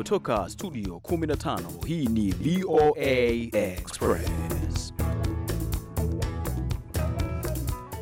kutoka studio 15 hii ni VOA Express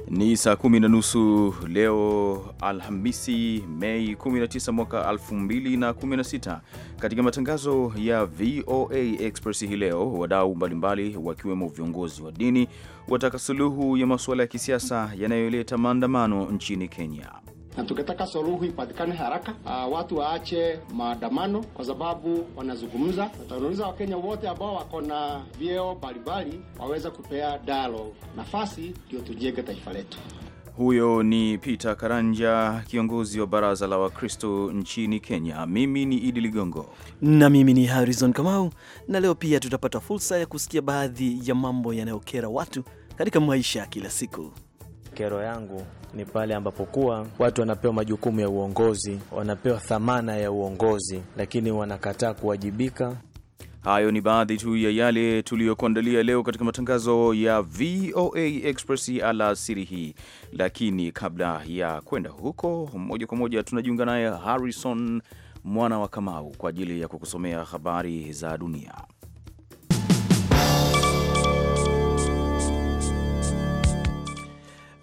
ni saa kumi na nusu leo Alhamisi, Mei 19 mwaka 2016. Katika matangazo ya VOA Express hii leo, wadau mbalimbali wakiwemo viongozi wa dini wataka suluhu ya masuala ya kisiasa yanayoleta maandamano nchini Kenya na tukitaka suluhu ipatikane haraka. Uh, watu waache maandamano kwa sababu wanazungumza. Tunauliza Wakenya wote ambao wako na vyeo mbalimbali waweze kupea dialogue nafasi, ndio tujenge taifa letu. Huyo ni Peter Karanja, kiongozi wa baraza la Wakristo nchini Kenya. Mimi ni Idi Ligongo na mimi ni Harrison Kamau, na leo pia tutapata fursa ya kusikia baadhi ya mambo yanayokera watu katika maisha ya kila siku kero yangu ni pale ambapo kuwa watu wanapewa majukumu ya uongozi, wanapewa thamana ya uongozi, lakini wanakataa kuwajibika. Hayo ni baadhi tu ya yale tuliyokuandalia leo katika matangazo ya VOA Express alasiri hii, lakini kabla ya kwenda huko moja kwa moja tunajiunga naye Harrison mwana wa Kamau kwa ajili ya kukusomea habari za dunia.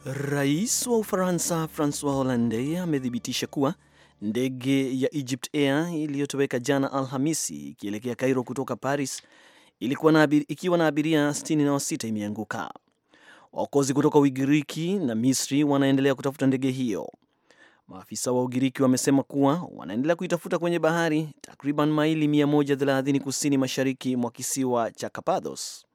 Rais wa Ufaransa Francois Hollande amethibitisha kuwa ndege ya Egypt Air iliyotoweka jana Alhamisi ikielekea Cairo kutoka Paris ilikuwa na abiria, ikiwa na abiria 66 imeanguka. Waokozi kutoka Ugiriki na Misri wanaendelea kutafuta ndege hiyo. Maafisa wa Ugiriki wamesema kuwa wanaendelea kuitafuta kwenye bahari takriban maili 130 kusini mashariki mwa kisiwa cha Kapados.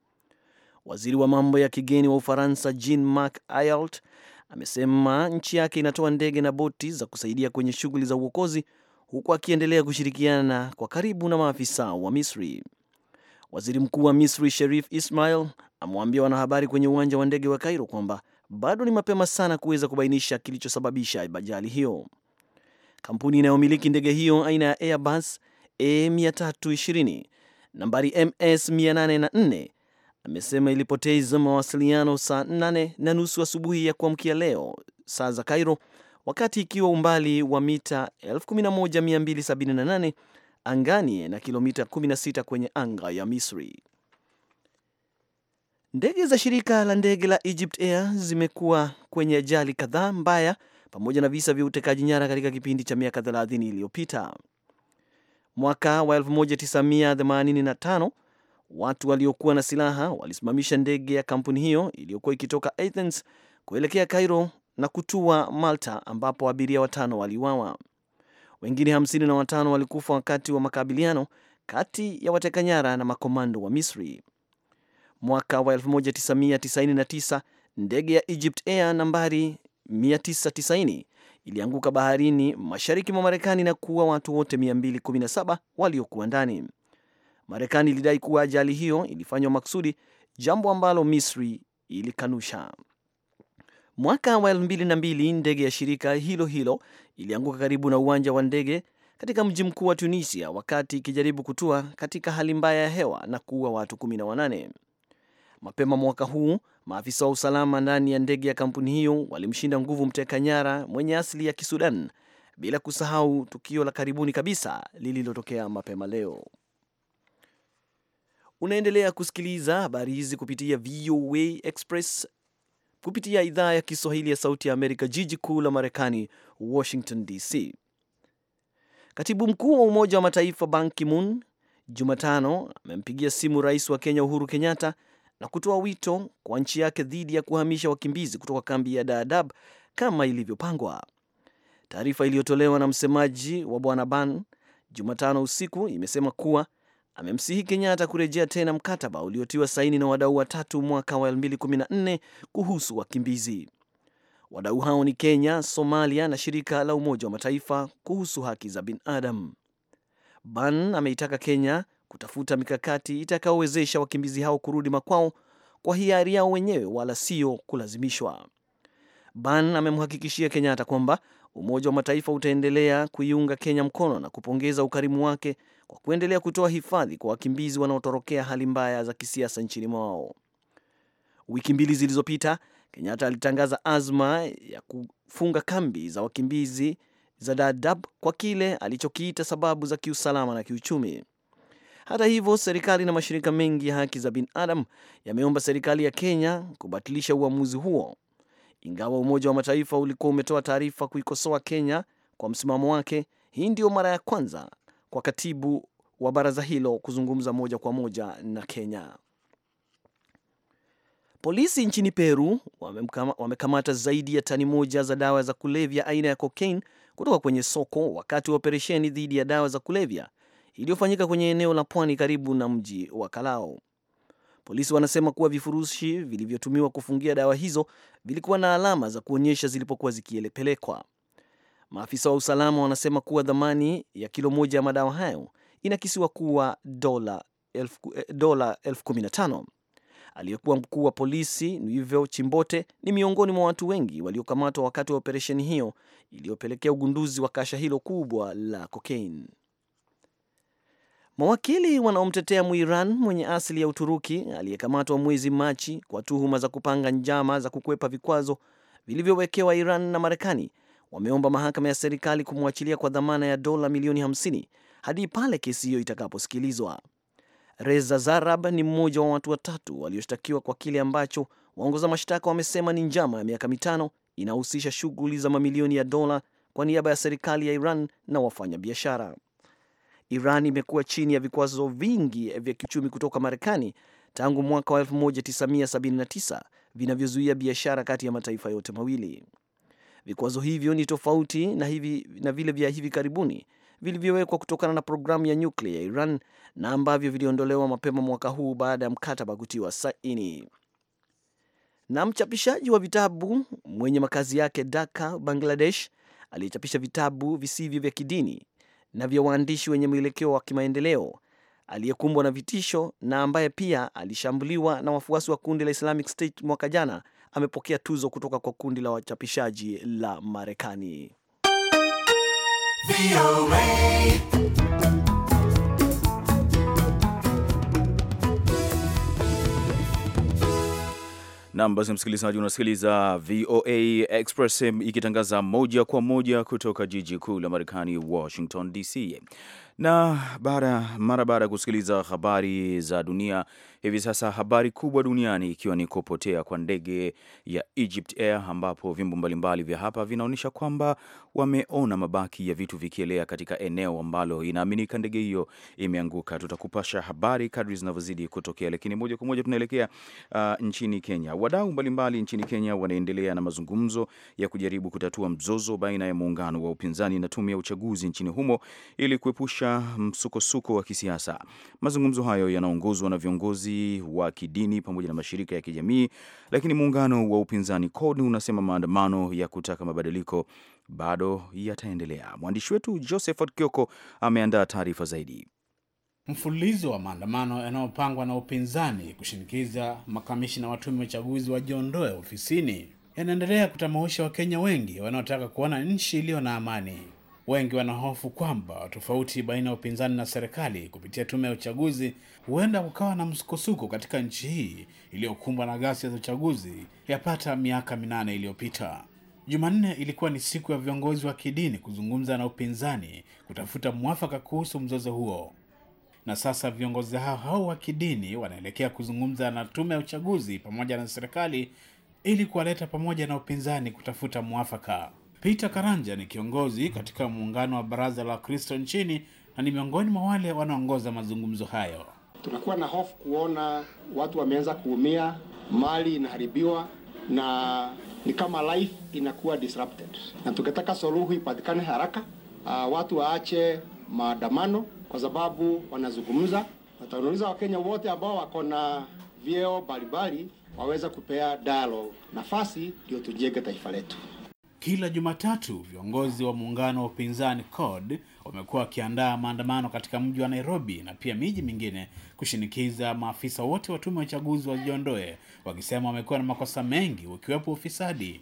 Waziri wa mambo ya kigeni wa Ufaransa Jean-Marc Ayrault amesema nchi yake inatoa ndege na boti za kusaidia kwenye shughuli za uokozi huku akiendelea kushirikiana kwa karibu na maafisa wa Misri. Waziri mkuu wa Misri Sherif Ismail amewaambia wanahabari kwenye uwanja wa ndege wa Cairo kwamba bado ni mapema sana kuweza kubainisha kilichosababisha ajali hiyo. Kampuni inayomiliki ndege hiyo aina ya Airbus A320 nambari MS 804 amesema ilipoteza mawasiliano saa nane na nusu asubuhi ya kuamkia leo saa za Cairo, wakati ikiwa umbali wa mita 11278 angani na kilomita 16 kwenye anga ya Misri. Ndege za shirika la ndege la Egypt Air zimekuwa kwenye ajali kadhaa mbaya pamoja na visa vya utekaji nyara katika kipindi cha miaka 30 iliyopita. Mwaka wa 1985 Watu waliokuwa na silaha walisimamisha ndege ya kampuni hiyo iliyokuwa ikitoka Athens kuelekea Cairo na kutua Malta ambapo abiria watano waliuawa. Wengine hamsini na watano walikufa wakati wa makabiliano kati ya watekanyara na makomando wa Misri. Mwaka wa 1999 ndege ya Egypt Air nambari 990 ilianguka baharini mashariki mwa Marekani na kuua watu wote 217 waliokuwa ndani. Marekani ilidai kuwa ajali hiyo ilifanywa maksudi, jambo ambalo Misri ilikanusha. Mwaka wa mbili ndege ya shirika hilo hilo ilianguka karibu na uwanja wa ndege katika mji mkuu wa Tunisia wakati ikijaribu kutua katika hali mbaya ya hewa na kuua watu wanane. Mapema mwaka huu maafisa wa usalama ndani ya ndege ya kampuni hiyo walimshinda nguvu mteka nyara mwenye asili ya Kisudan, bila kusahau tukio la karibuni kabisa lililotokea mapema leo. Unaendelea kusikiliza habari hizi kupitia VOA Express kupitia idhaa ya Kiswahili ya Sauti ya Amerika, jiji kuu la Marekani, Washington DC. Katibu mkuu wa Umoja wa Mataifa Ban Ki-moon Jumatano amempigia simu rais wa Kenya Uhuru Kenyatta na kutoa wito kwa nchi yake dhidi ya kuhamisha wakimbizi kutoka kambi ya Dadaab kama ilivyopangwa. Taarifa iliyotolewa na msemaji wa bwana Ban Jumatano usiku imesema kuwa amemsihi Kenyatta kurejea tena mkataba uliotiwa saini na wadau watatu mwaka wa 2014 kuhusu wakimbizi. Wadau hao ni Kenya, Somalia na shirika la Umoja wa Mataifa kuhusu haki za binadamu. Ban ameitaka Kenya kutafuta mikakati itakayowezesha wakimbizi hao kurudi makwao kwa hiari yao wenyewe wala sio kulazimishwa. Ban amemhakikishia Kenyatta kwamba Umoja wa Mataifa utaendelea kuiunga Kenya mkono na kupongeza ukarimu wake kwa kuendelea kutoa hifadhi kwa wakimbizi wanaotorokea hali mbaya za kisiasa nchini mwao. Wiki mbili zilizopita, Kenyatta alitangaza azma ya kufunga kambi za wakimbizi za Dadaab kwa kile alichokiita sababu za kiusalama na kiuchumi. Hata hivyo, serikali na mashirika mengi ya haki za binadamu yameomba serikali ya Kenya kubatilisha uamuzi huo ingawa Umoja wa Mataifa ulikuwa umetoa taarifa kuikosoa Kenya kwa msimamo wake, hii ndiyo mara ya kwanza kwa katibu wa baraza hilo kuzungumza moja kwa moja na Kenya. Polisi nchini Peru wamekamata zaidi ya tani moja za dawa za kulevya aina ya cocaine kutoka kwenye soko wakati wa operesheni dhidi ya dawa za kulevya iliyofanyika kwenye eneo la pwani karibu na mji wa Kalao. Polisi wanasema kuwa vifurushi vilivyotumiwa kufungia dawa hizo vilikuwa na alama za kuonyesha zilipokuwa zikielepelekwa Maafisa wa usalama wanasema kuwa dhamani ya kilo moja ya madawa hayo inakisiwa kuwa dola elfu eh, kumi na tano. Aliyekuwa mkuu wa polisi nivo Chimbote ni miongoni mwa watu wengi waliokamatwa wakati wa operesheni hiyo iliyopelekea ugunduzi wa kasha hilo kubwa la kokaini. Mawakili wanaomtetea Muiran mwenye asili ya Uturuki aliyekamatwa mwezi Machi kwa tuhuma za kupanga njama za kukwepa vikwazo vilivyowekewa Iran na Marekani wameomba mahakama ya serikali kumwachilia kwa dhamana ya dola milioni 50 hadi pale kesi hiyo itakaposikilizwa. Reza Zarab ni mmoja wa watu watatu walioshtakiwa kwa kile ambacho waongoza mashtaka wamesema ni njama ya miaka mitano inahusisha shughuli za mamilioni ya dola kwa niaba ya serikali ya Iran na wafanyabiashara. Iran imekuwa chini ya vikwazo vingi vya kiuchumi kutoka Marekani tangu mwaka wa 1979 vinavyozuia biashara kati ya mataifa yote mawili. Vikwazo hivyo ni tofauti na, hivi, na vile vya hivi karibuni vilivyowekwa kutokana na programu ya nyuklia ya Iran na ambavyo viliondolewa mapema mwaka huu baada ya mkataba kutiwa saini. Na mchapishaji wa vitabu mwenye makazi yake Dhaka, Bangladesh, aliyechapisha vitabu visivyo vya kidini na vya waandishi wenye mwelekeo wa kimaendeleo aliyekumbwa na vitisho na ambaye pia alishambuliwa na wafuasi wa kundi la Islamic State mwaka jana amepokea tuzo kutoka kwa kundi la wachapishaji la Marekani. Nam, basi msikilizaji, unasikiliza VOA Express ikitangaza moja kwa moja kutoka jiji kuu la Marekani, Washington DC. Na baada mara baada ya kusikiliza habari za dunia hivi sasa, habari kubwa duniani ikiwa ni kupotea kwa ndege ya Egypt Air, ambapo vyombo mbalimbali vya hapa vinaonyesha kwamba wameona mabaki ya vitu vikielea katika eneo ambalo inaaminika ndege hiyo imeanguka. Tutakupasha habari kadri zinavyozidi kutokea, lakini moja kwa moja tunaelekea uh, nchini Kenya. Wadau mbalimbali nchini Kenya wanaendelea na mazungumzo ya kujaribu kutatua mzozo baina ya muungano wa upinzani na tume ya uchaguzi nchini humo ili kuepusha msukosuko wa kisiasa. Mazungumzo hayo yanaongozwa na viongozi wa kidini pamoja na mashirika ya kijamii, lakini muungano wa upinzani CORD unasema maandamano ya kutaka mabadiliko bado yataendelea. Mwandishi wetu Josephat Kioko ameandaa taarifa zaidi. Mfululizo wa maandamano yanayopangwa na upinzani kushinikiza makamishina wa tume ya uchaguzi wajiondoe ofisini yanaendelea kutamausha Wakenya wengi wanaotaka kuona nchi iliyo na amani. Wengi wanahofu kwamba tofauti baina ya upinzani na serikali kupitia tume ya uchaguzi huenda kukawa na msukosuko katika nchi hii iliyokumbwa na ghasia za uchaguzi yapata miaka minane iliyopita. Jumanne ilikuwa ni siku ya viongozi wa kidini kuzungumza na upinzani kutafuta mwafaka kuhusu mzozo huo, na sasa viongozi hao hao wa kidini wanaelekea kuzungumza na tume ya uchaguzi pamoja na serikali ili kuwaleta pamoja na upinzani kutafuta mwafaka. Peter Karanja ni kiongozi katika muungano wa Baraza la Kristo nchini na ni miongoni mwa wale wanaongoza mazungumzo hayo. Tunakuwa na hofu kuona watu wameanza kuumia, mali inaharibiwa na ni kama life inakuwa disrupted, na tungetaka suluhu ipatikane haraka. Uh, watu waache maandamano kwa sababu wanazungumza, watauliza Wakenya wote ambao wako na vyeo mbalimbali waweza kupea dialogue nafasi, ndio tujenge taifa letu. Kila Jumatatu viongozi wa muungano wa upinzani CORD wamekuwa wakiandaa maandamano katika mji wa Nairobi na pia miji mingine kushinikiza maafisa wote wa tume ya uchaguzi wajiondoe, wakisema wamekuwa na makosa mengi ukiwepo ufisadi.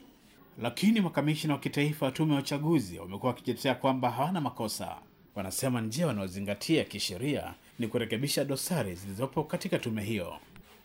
Lakini makamishina wa kitaifa wa tume ya uchaguzi wamekuwa wakijitetea kwamba hawana makosa. Wanasema njia wanaozingatia kisheria ni kurekebisha dosari zilizopo katika tume hiyo.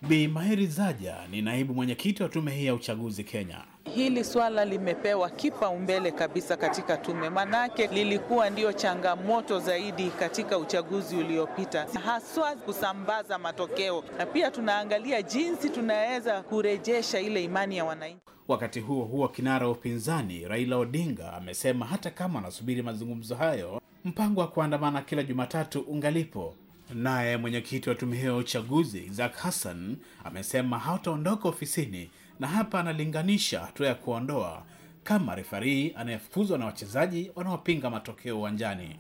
Bi Maheri Zaja ni naibu mwenyekiti wa tume hii ya uchaguzi Kenya. Hili swala limepewa kipaumbele kabisa katika tume, manake lilikuwa ndio changamoto zaidi katika uchaguzi uliopita, haswa kusambaza matokeo, na pia tunaangalia jinsi tunaweza kurejesha ile imani ya wananchi. Wakati huo huo, kinara wa upinzani Raila Odinga amesema hata kama anasubiri mazungumzo hayo, mpango wa kuandamana kila Jumatatu ungalipo. Naye mwenyekiti wa tume hiyo ya uchaguzi Zak Hassan amesema hataondoka ofisini na hapa analinganisha hatua ya kuondoa kama refarii anayefukuzwa na wachezaji wanaopinga matokeo uwanjani.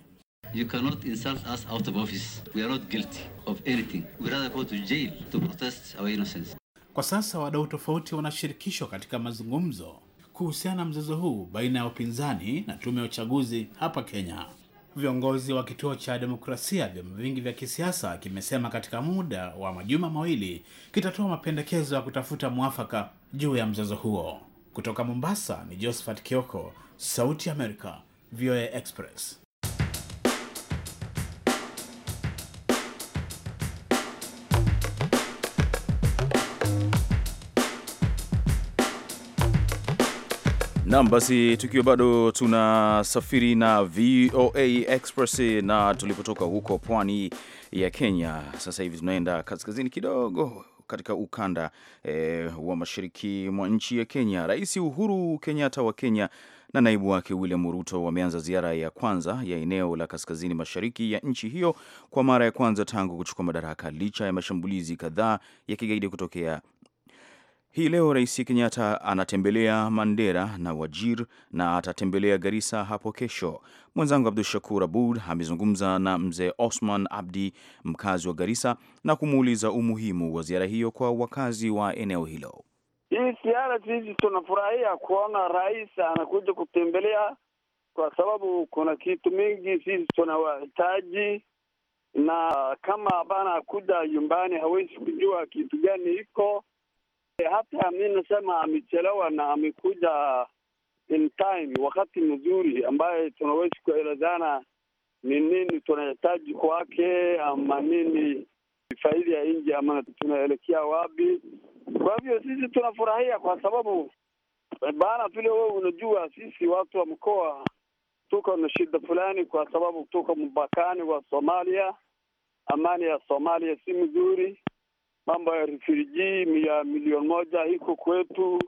You cannot insult us out of office. We are not guilty of anything. We rather go to jail to protest our innocence. Kwa sasa wadau tofauti wanashirikishwa katika mazungumzo kuhusiana na mzozo huu baina ya upinzani na tume ya uchaguzi hapa Kenya. Viongozi wa kituo cha demokrasia, vyama vingi vya kisiasa kimesema katika muda wa majuma mawili kitatoa mapendekezo ya kutafuta mwafaka juu ya mzozo huo. Kutoka Mombasa ni Josephat Kioko, Sauti ya Amerika, VOA Express. Nam, basi tukiwa bado tunasafiri na VOA Express, na tulipotoka huko pwani ya Kenya, sasa hivi tunaenda kaskazini kidogo katika ukanda e, wa mashariki mwa nchi ya Kenya. Rais Uhuru Kenyatta wa Kenya na naibu wake William Ruto wameanza ziara ya kwanza ya eneo la kaskazini mashariki ya nchi hiyo kwa mara ya kwanza tangu kuchukua madaraka, licha ya mashambulizi kadhaa ya kigaidi kutokea. Hii leo Rais Kenyatta anatembelea Mandera na Wajir na atatembelea Garissa hapo kesho. Mwenzangu Abdu Shakur Abud amezungumza na mzee Osman Abdi, mkazi wa Garissa, na kumuuliza umuhimu wa ziara hiyo kwa wakazi wa eneo hilo. Hii ziara sisi tunafurahia kuona rais anakuja kutembelea, kwa sababu kuna kitu mingi sisi tunawahitaji, na kama bana akuja nyumbani hawezi kujua kitu gani iko e, hata mi nasema amechelewa na amekuja in time, wakati mzuri ambaye tunaweza kuelezana ni nini tunahitaji kwake, ama nini faida ya nchi, ama tunaelekea wapi. Kwa hivyo sisi tunafurahia kwa sababu bana vile wewe unajua, sisi watu wa mkoa tuko na shida fulani, kwa sababu tuko mpakani wa Somalia. Amani ya Somalia si mzuri, mambo ya refugee ya milioni moja iko kwetu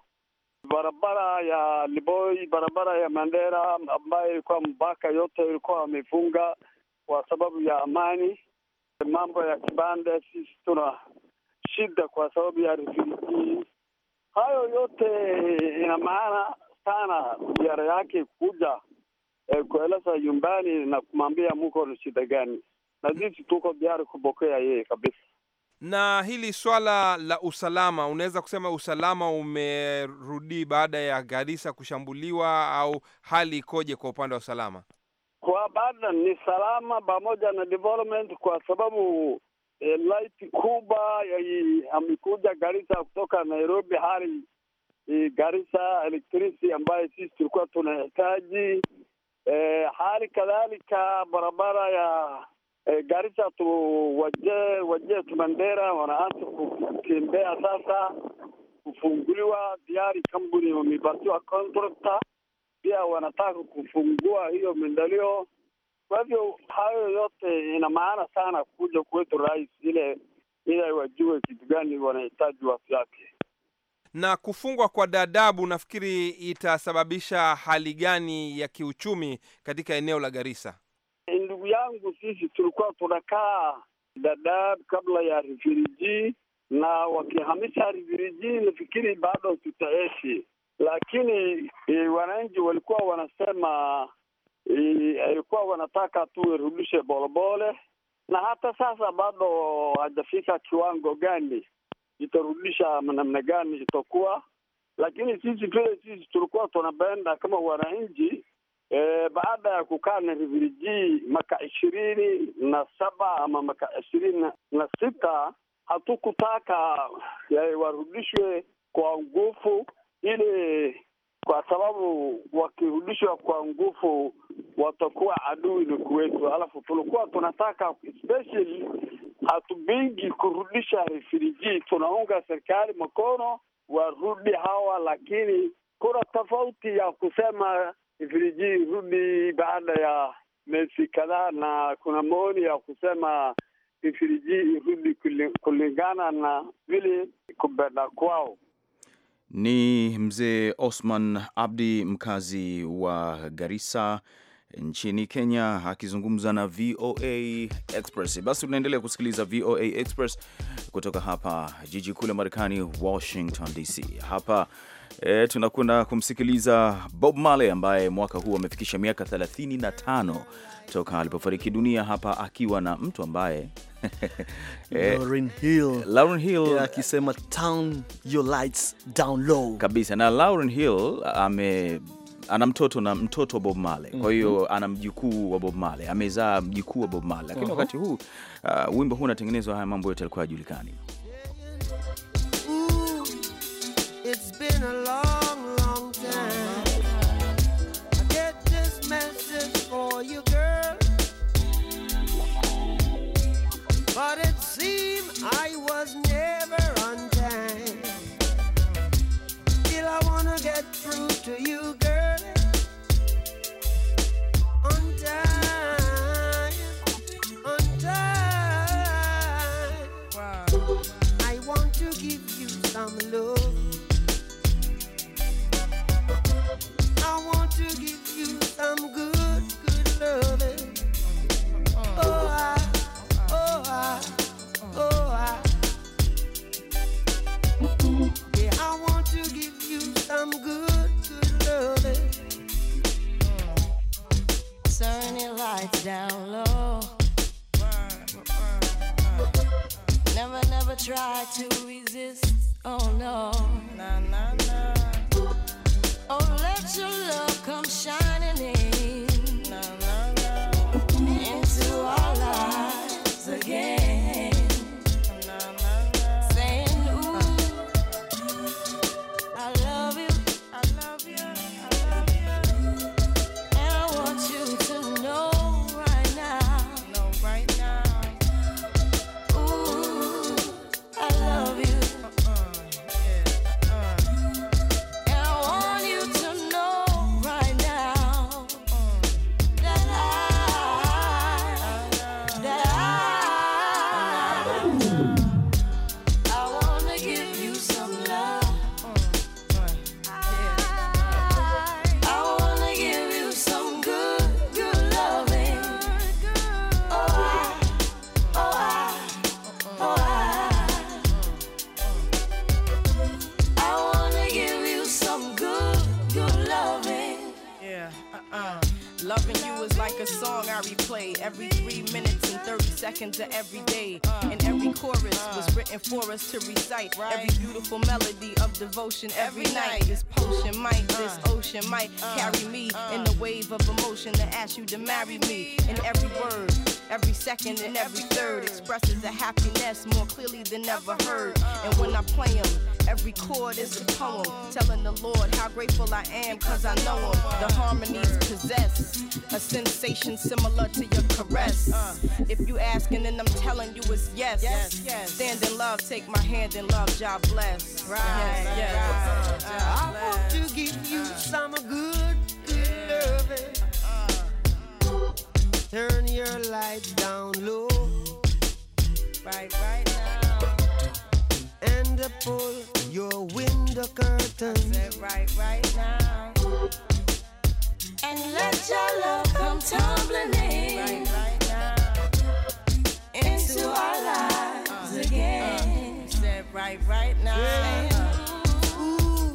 Barabara ya Liboi, barabara ya Mandera ambayo ilikuwa mpaka yote ilikuwa wamefunga kwa sababu ya amani. Mambo ya kibanda, sisi tuna shida kwa sababu ya refugee. Hayo yote ina maana sana ziara yake kuja eh, kueleza nyumbani na kumwambia muko ni shida gani, na sisi tuko tayari kupokea yeye kabisa. Na hili swala la usalama, unaweza kusema usalama umerudi baada ya Garissa kushambuliwa au hali ikoje kwa upande wa usalama? Kwa bado ni salama pamoja na development, kwa sababu e, light kubwa amekuja Garissa kutoka Nairobi hali e, Garissa, elektrisi ambayo sisi tulikuwa tunahitaji e, hali kadhalika barabara ya Eh, Garissa tuwaje tu Mandera wanaanza kutembea sasa, kufunguliwa diari kampuni wamepatiwa kontrakta, pia wanataka kufungua hiyo mendalio Kwa hivyo hayo yote ina maana sana kuja kwetu rais, ile ile wajue kitu gani wanahitaji watu yake. Na kufungwa kwa dadabu nafikiri itasababisha hali gani ya kiuchumi katika eneo la Garissa? ndugu yangu, sisi tulikuwa tunakaa Dadaab kabla ya rifiriji, na wakihamisha rifiriji, nafikiri bado tutaishi, lakini e, wananchi walikuwa wanasema e, alikuwa e, wanataka tu irudishe polepole, na hata sasa bado hajafika kiwango gani itarudisha namna gani itakuwa, lakini sisi vile sisi tulikuwa tunapenda kama wananchi E, baada ya kukaa na Rivijii maka ishirini na saba ama maka ishirini na sita hatukutaka e, warudishwe kwa nguvu ili kwa sababu wakirudishwa kwa nguvu watakuwa adui ni kwetu. Alafu tulikuwa tunataka especially, hatubingi kurudisha refriji tunaunga serikali mkono warudi hawa, lakini kuna tofauti ya kusema ifiriji irudi baada ya mesi kadhaa, na kuna maoni ya kusema ifiriji irudi kulingana na vile kupenda kwao. Ni mzee Osman Abdi, mkazi wa Garissa nchini Kenya, akizungumza na VOA Express. Basi tunaendelea kusikiliza VOA Express kutoka hapa jiji kuu la Marekani, Washington DC. Hapa e, tunakwenda kumsikiliza Bob Marley ambaye mwaka huu amefikisha miaka 35 toka alipofariki dunia hapa akiwa na mtu ambaye e, Hill, Hill akisema turn your lights down low kabisa. Na Lauren Hill ame ana mtoto na mtoto wa Bob Marley. Kwa hiyo mhm. ana mjukuu wa Bob Marley, amezaa mjukuu wa Bob Marley, lakini uh -huh. wakati huu uh, wimbo huu unatengenezwa, haya mambo yote yalikuwa hajulikani. It's been a long no. Nah, nah, nah. seconds of every day. And every chorus was written for us to recite. Every beautiful melody of devotion every night. This potion might, this uh. ocean might uh. carry me uh. in the wave of emotion to ask you to marry me. And every word, every second, and every third expresses a happiness more clearly than ever heard. And when I play them, Every chord is a poem telling the Lord how grateful I am cause I know him. The harmonies possess a sensation similar to your caress. Uh. If you asking then I'm telling you it's yes. Stand in love, take my hand in love, job bless. Right. Yes, Right. I want to give you some good, good loving. Turn your lights down low. Right, right now. And pull your window curtain. right, right now. And let your love come tumbling in. Right, right now. Into our lives uh, again. Uh, right, right now. Yeah. Ooh,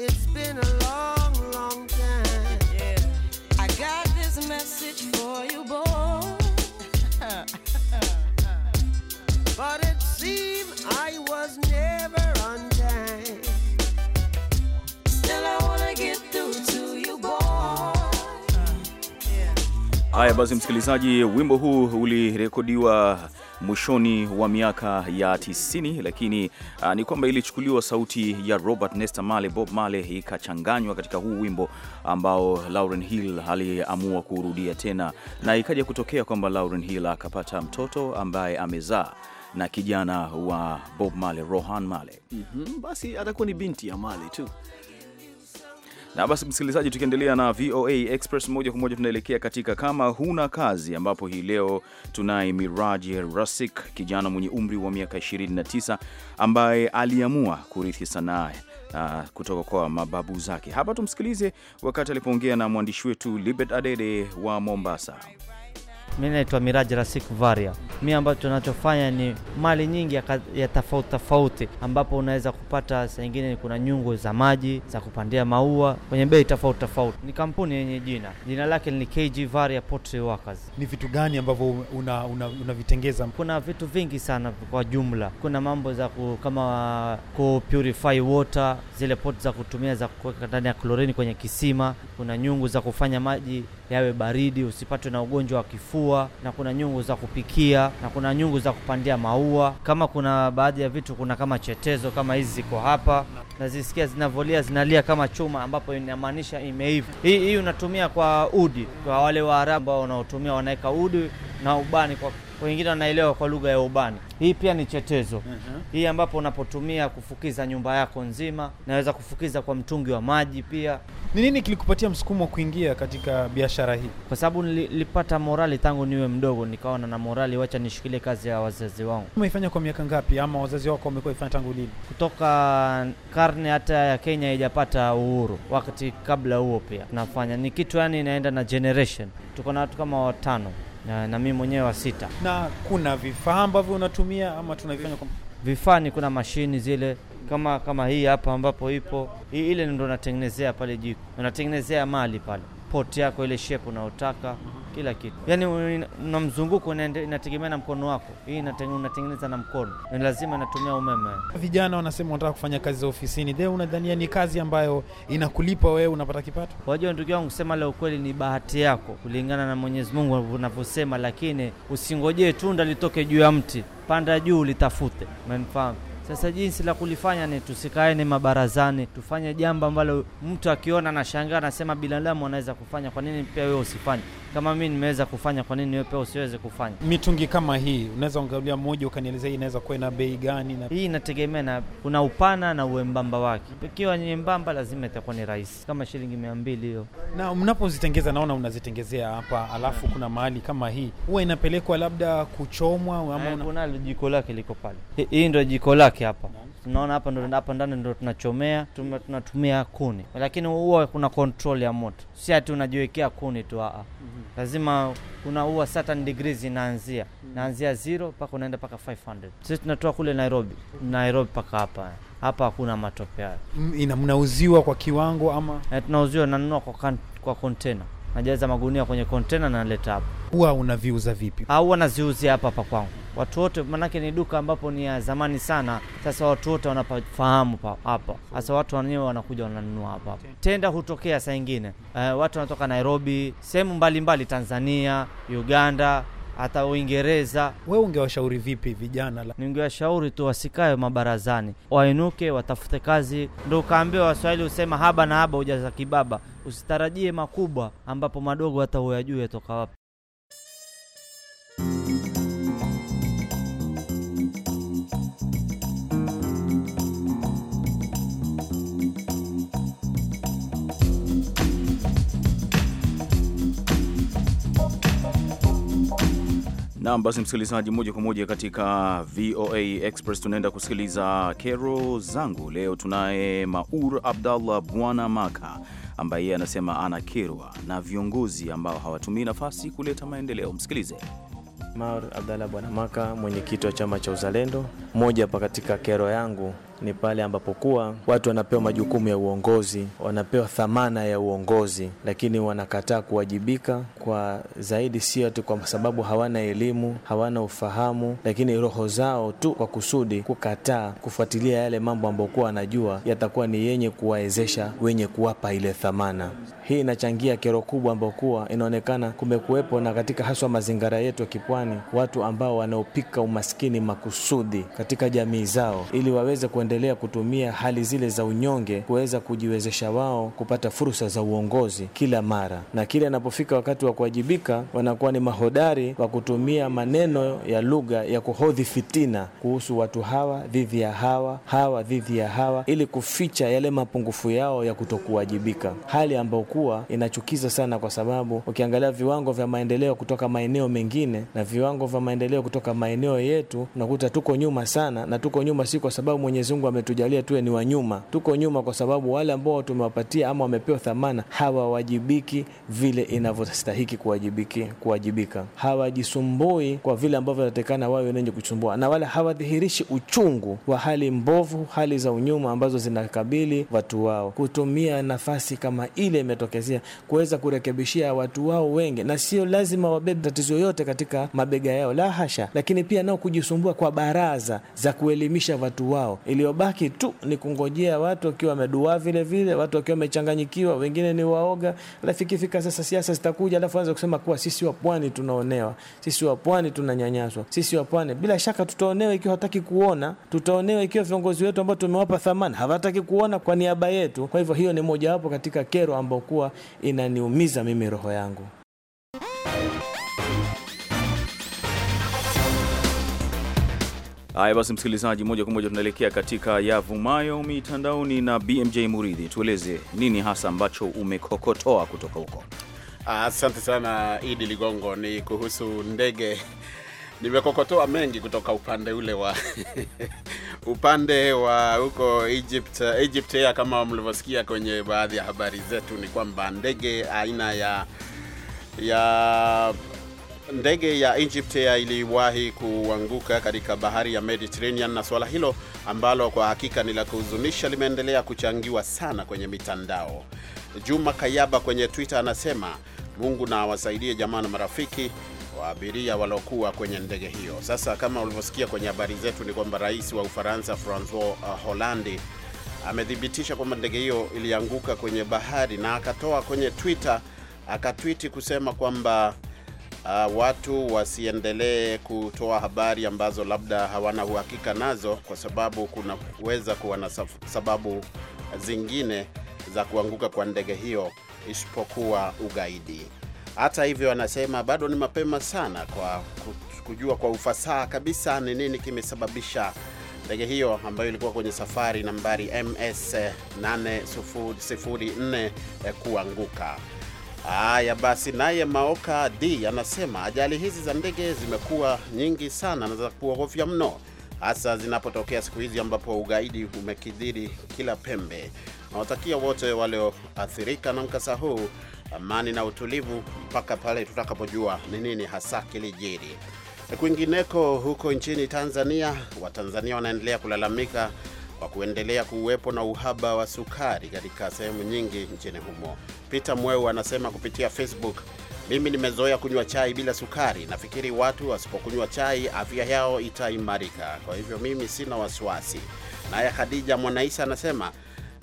it's been a long, long time. Yeah. I got this message for you both. but it seemed I was never. Haya basi, msikilizaji, wimbo huu ulirekodiwa mwishoni wa miaka ya 90, lakini uh, ni kwamba ilichukuliwa sauti ya Robert Nesta Male, Bob male ikachanganywa katika huu wimbo ambao Lauren Hill aliamua kurudia tena, na ikaja kutokea kwamba Lauren Hill akapata mtoto ambaye amezaa na kijana wa Bob male Rohan male Mm -hmm, basi atakuwa ni binti ya male tu. Na basi msikilizaji, tukiendelea na VOA Express moja kwa moja tunaelekea katika kama huna kazi, ambapo hii leo tunaye Miraji Rasik, kijana mwenye umri wa miaka 29 ambaye aliamua kurithi sanaa uh, kutoka kwa mababu zake. Hapa tumsikilize wakati alipoongea na mwandishi wetu Libet Adede wa Mombasa. Mimi naitwa Miraji rasik Varia. Mi ambacho tunachofanya ni mali nyingi ya, tofauti tofauti, ambapo unaweza kupata saingine kuna nyungu za maji za kupandia maua kwenye bei tofauti tofauti. Ni kampuni yenye jina jina lake ni KG Varia Pottery Workers. Ni vitu gani ambavyo unavitengeza? Una, una kuna vitu vingi sana kwa jumla, kuna mambo za ku, kama ku purify water, zile pot za kutumia za kuweka ndani ya klorini kwenye kisima, kuna nyungu za kufanya maji yawe baridi usipatwe na ugonjwa wa kifua maua na kuna nyungu za kupikia na kuna nyungu za kupandia maua. Kama kuna baadhi ya vitu, kuna kama chetezo kama hizi ziko hapa, nazisikia zinavolia zinalia kama chuma, ambapo inamaanisha imeiva. Hii hii unatumia kwa udi, kwa wale Waarabu ambao wanaotumia wanaweka udi na ubani kwa wengine wanaelewa kwa lugha ya ubani. Hii pia ni chetezo. uh-huh. Hii ambapo unapotumia kufukiza nyumba yako nzima, naweza kufukiza kwa mtungi wa maji pia. Ni nini kilikupatia msukumo wa kuingia katika biashara hii? Kwa sababu nilipata morali tangu niwe mdogo, nikaona na morali, wacha nishikilie kazi ya wazazi wangu. Umeifanya kwa miaka ngapi, ama wazazi wako wamekuwa ifanya tangu lini? Kutoka karne hata ya Kenya haijapata uhuru, wakati kabla huo pia nafanya, ni kitu yani inaenda na generation. Tuko na watu kama watano na, na mimi mwenyewe wa sita. Na kuna vifaa ambavyo unatumia ama tunavifanya kwa vifaa? Ni kuna mashini zile kama kama hii hapa ambapo ipo hii, ile ndo natengenezea pale jiko, unatengenezea mali pale poti yako ile shepu unaotaka kila kitu. Yani una mzunguko inategemea na mkono wako, hii unatengeneza na mkono, ni lazima natumia umeme. Vijana wanasema wanataka kufanya kazi za ofisini, he, unadhania ni kazi ambayo inakulipa wewe, unapata kipato? Wajua ndugu yangu, kusema la ukweli ni bahati yako kulingana na Mwenyezi Mungu unavyosema, lakini usingojee tunda litoke juu ya mti, panda juu litafute, umenifahamu? Sasa jinsi la kulifanya ni tusikae ni mabarazani, tufanye jambo ambalo mtu akiona anashangaa, anasema binadamu anaweza kufanya, kwa nini pia wewe usifanye? Kama mimi nimeweza kufanya, kwa nini wewe pia usiweze kufanya? Mitungi kama hii unaweza ungaulia moja, ukanielezea hii inaweza kuwa na bei gani? Na hii inategemea na kuna upana na uembamba wake. Ikiwa nyembamba, lazima itakuwa ni rahisi, kama shilingi mia mbili hiyo. Na mnapozitengeza, naona unazitengezea hapa, alafu kuna mahali kama hii huwa inapelekwa labda kuchomwa ama eh, una... kuna jiko lake liko pale, hii ndio jiko lake yake hapa tunaona hapa hapa ndani ndo tunachomea tunatumia kuni, lakini huwa kuna control ya moto, si ati unajiwekea kuni tu aa. mm -hmm. Lazima kuna huwa certain degrees inaanzia mm -hmm. naanzia zero mpaka unaenda mpaka 500. Sisi tunatoa kule Nairobi, Nairobi mpaka hapa hapa hakuna matope hayo. Mnauziwa kwa kiwango ama? E, tunauziwa nanunua kwa, kwa container najaza magunia kwenye kontena na naleta hapa. Huwa unaviuza vipi? Au ah, naziuzia hapa hapa kwangu watu wote, manake ni duka ambapo ni ya zamani sana. Sasa watu wote wanapafahamu hapa, sasa watu wenyewe wanakuja wananunua hapa hapa. Tenda hutokea saa ingine, uh, watu wanatoka Nairobi, sehemu mbalimbali, Tanzania, Uganda hata Uingereza. Wewe ungewashauri vipi vijana? Ningewashauri tu wasikae mabarazani, wainuke, watafute kazi. Ndo ukaambiwa Waswahili husema haba na haba hujaza kibaba. Usitarajie makubwa ambapo madogo hata huyajui yatoka wapi. Naam, basi msikilizaji, moja kwa moja katika VOA Express tunaenda kusikiliza kero zangu. Leo tunaye Maur Abdallah Bwana Maka ambaye yeye anasema anakerwa na viongozi ambao hawatumii nafasi kuleta maendeleo. Msikilize. Maur Abdallah Bwana Maka, mwenyekiti wa chama cha Uzalendo. Moja pa katika kero yangu ni pale ambapo kuwa watu wanapewa majukumu ya uongozi, wanapewa thamana ya uongozi, lakini wanakataa kuwajibika kwa zaidi, sio tu kwa sababu hawana elimu, hawana ufahamu, lakini roho zao tu kwa kusudi kukataa kufuatilia yale mambo ambayo kuwa wanajua yatakuwa ni yenye kuwawezesha wenye kuwapa ile thamana. Hii inachangia kero kubwa ambayo kuwa inaonekana kumekuwepo na katika haswa mazingira yetu ya kipwani, watu ambao wanaopika umaskini makusudi katika jamii zao ili waweze kuende kuendelea kutumia hali zile za unyonge kuweza kujiwezesha wao kupata fursa za uongozi kila mara, na kile anapofika wakati wa kuwajibika wanakuwa ni mahodari wa kutumia maneno ya lugha ya kuhodhi fitina kuhusu watu hawa dhidi ya hawa, hawa dhidi ya hawa, ili kuficha yale mapungufu yao ya kutokuwajibika, hali ambayo kuwa inachukiza sana, kwa sababu ukiangalia viwango vya maendeleo kutoka maeneo mengine na viwango vya maendeleo kutoka maeneo yetu, unakuta tuko nyuma sana, na tuko nyuma si kwa sababu Mwenyezi Mungu Mungu ametujalia tuwe ni wanyuma, tuko nyuma kwa sababu wale ambao tumewapatia ama wamepewa thamana hawawajibiki vile inavyostahiki kuwajibiki kuwajibika, hawajisumbui kwa vile ambavyo natekana wawe wenyewe kuchumbua, na wala hawadhihirishi uchungu wa hali mbovu, hali za unyuma ambazo zinakabili watu wao, kutumia nafasi kama ile imetokezea kuweza kurekebishia watu wao wengi, na sio lazima wabebe tatizo yote katika mabega yao, la hasha, lakini pia nao kujisumbua kwa baraza za kuelimisha watu wao ili iliyobaki tu ni kungojea watu wakiwa wameduaa vile vile, watu wakiwa wamechanganyikiwa, wengine ni waoga. Alafu ikifika sasa siasa zitakuja, alafu anza kusema kuwa sisi wa pwani tunaonewa, sisi wa pwani tunanyanyaswa, sisi wa pwani. Bila shaka tutaonewa ikiwa hataki kuona, tutaonewa ikiwa viongozi wetu ambao tumewapa thamani hawataki kuona kwa niaba yetu. Kwa hivyo hiyo ni mojawapo katika kero ambayo kuwa inaniumiza mimi roho yangu. Haya basi, msikilizaji, moja kwa moja tunaelekea katika yavumayo mitandaoni na BMJ Muridhi, tueleze nini hasa ambacho umekokotoa kutoka huko? Asante sana Idi Ligongo. Ni kuhusu ndege nimekokotoa mengi kutoka upande ule wa upande wa huko Egypt, Egypt Kama mlivyosikia kwenye baadhi ya habari zetu, ni kwamba ndege aina ya ya Ndege ya Egypt iliwahi kuanguka katika bahari ya Mediterranean, na suala hilo ambalo kwa hakika ni la kuhuzunisha limeendelea kuchangiwa sana kwenye mitandao. Juma Kayaba kwenye Twitter anasema Mungu na awasaidie jamaa na marafiki wa abiria waliokuwa kwenye ndege hiyo. Sasa kama ulivyosikia kwenye habari zetu, ni kwamba rais wa Ufaransa Francois Hollande amethibitisha kwamba ndege hiyo ilianguka kwenye bahari, na akatoa kwenye Twitter akatwiti kusema kwamba uh, watu wasiendelee kutoa habari ambazo labda hawana uhakika nazo, kwa sababu kunaweza kuwa na sababu zingine za kuanguka kwa ndege hiyo isipokuwa ugaidi. Hata hivyo, anasema bado ni mapema sana kwa kujua kwa ufasaha kabisa ni nini kimesababisha ndege hiyo ambayo ilikuwa kwenye safari nambari MS 804 eh, kuanguka. Haya basi, naye Maoka D anasema ajali hizi za ndege zimekuwa nyingi sana na za kuogofya mno, hasa zinapotokea siku hizi ambapo ugaidi umekidhiri kila pembe. Nawatakia wote walioathirika na mkasa huu amani na utulivu mpaka pale tutakapojua ni nini hasa kilijiri. Kwingineko huko nchini Tanzania, Watanzania wanaendelea kulalamika kwa kuendelea kuwepo na uhaba wa sukari katika sehemu nyingi nchini humo. Peter Mweu anasema kupitia Facebook, mimi nimezoea kunywa chai bila sukari. Nafikiri watu wasipokunywa chai afya yao itaimarika, kwa hivyo mimi sina wasiwasi. Naye Khadija Mwanaisa anasema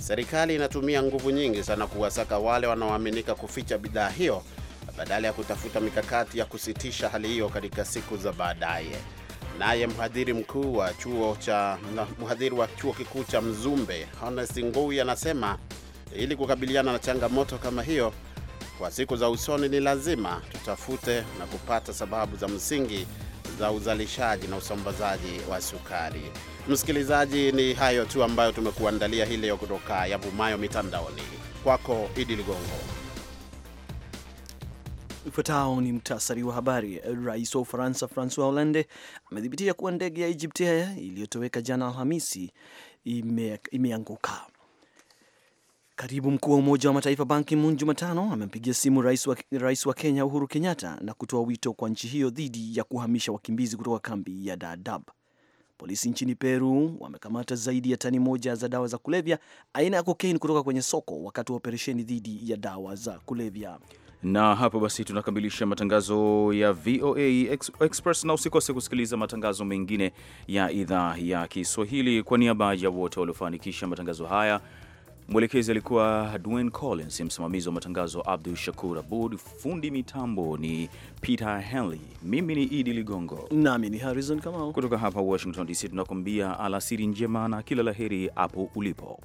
serikali inatumia nguvu nyingi sana kuwasaka wale wanaoaminika kuficha bidhaa hiyo badala ya kutafuta mikakati ya kusitisha hali hiyo katika siku za baadaye. Naye mhadhiri mkuu wa chuo cha mhadhiri wa chuo kikuu cha Mzumbe Honest Ngui anasema ili kukabiliana na changamoto kama hiyo kwa siku za usoni, ni lazima tutafute na kupata sababu za msingi za uzalishaji na usambazaji wa sukari. Msikilizaji, ni hayo tu ambayo tumekuandalia hii leo kutoka Yavumayo Mitandaoni. Kwako Idi Ligongo. Ifuatao ni mtasari wa habari. Rais wa Ufaransa Francois Hollande amethibitisha kuwa ndege ya Egyptia iliyotoweka jana Alhamisi ime, imeanguka karibu. Mkuu wa Umoja wa Mataifa Ban Ki-moon Jumatano amempigia simu rais wa, rais wa Kenya Uhuru Kenyatta na kutoa wito kwa nchi hiyo dhidi ya kuhamisha wakimbizi kutoka kambi ya Dadaab. Polisi nchini Peru wamekamata zaidi ya tani moja za dawa za kulevya aina ya kokaini kutoka kwenye soko wakati wa operesheni dhidi ya dawa za kulevya na hapo basi tunakamilisha matangazo ya VOA Express, na usikose kusikiliza matangazo mengine ya idhaa ya Kiswahili. Kwa niaba ya wote waliofanikisha matangazo haya, mwelekezi alikuwa Dwayne Collins, msimamizi wa matangazo Abdul Shakur Abud, fundi mitambo ni Peter Henley, mimi ni Idi Ligongo nami ni Harrison Kamau kutoka hapa Washington DC, tunakuambia alasiri njema na kila laheri hapo ulipo.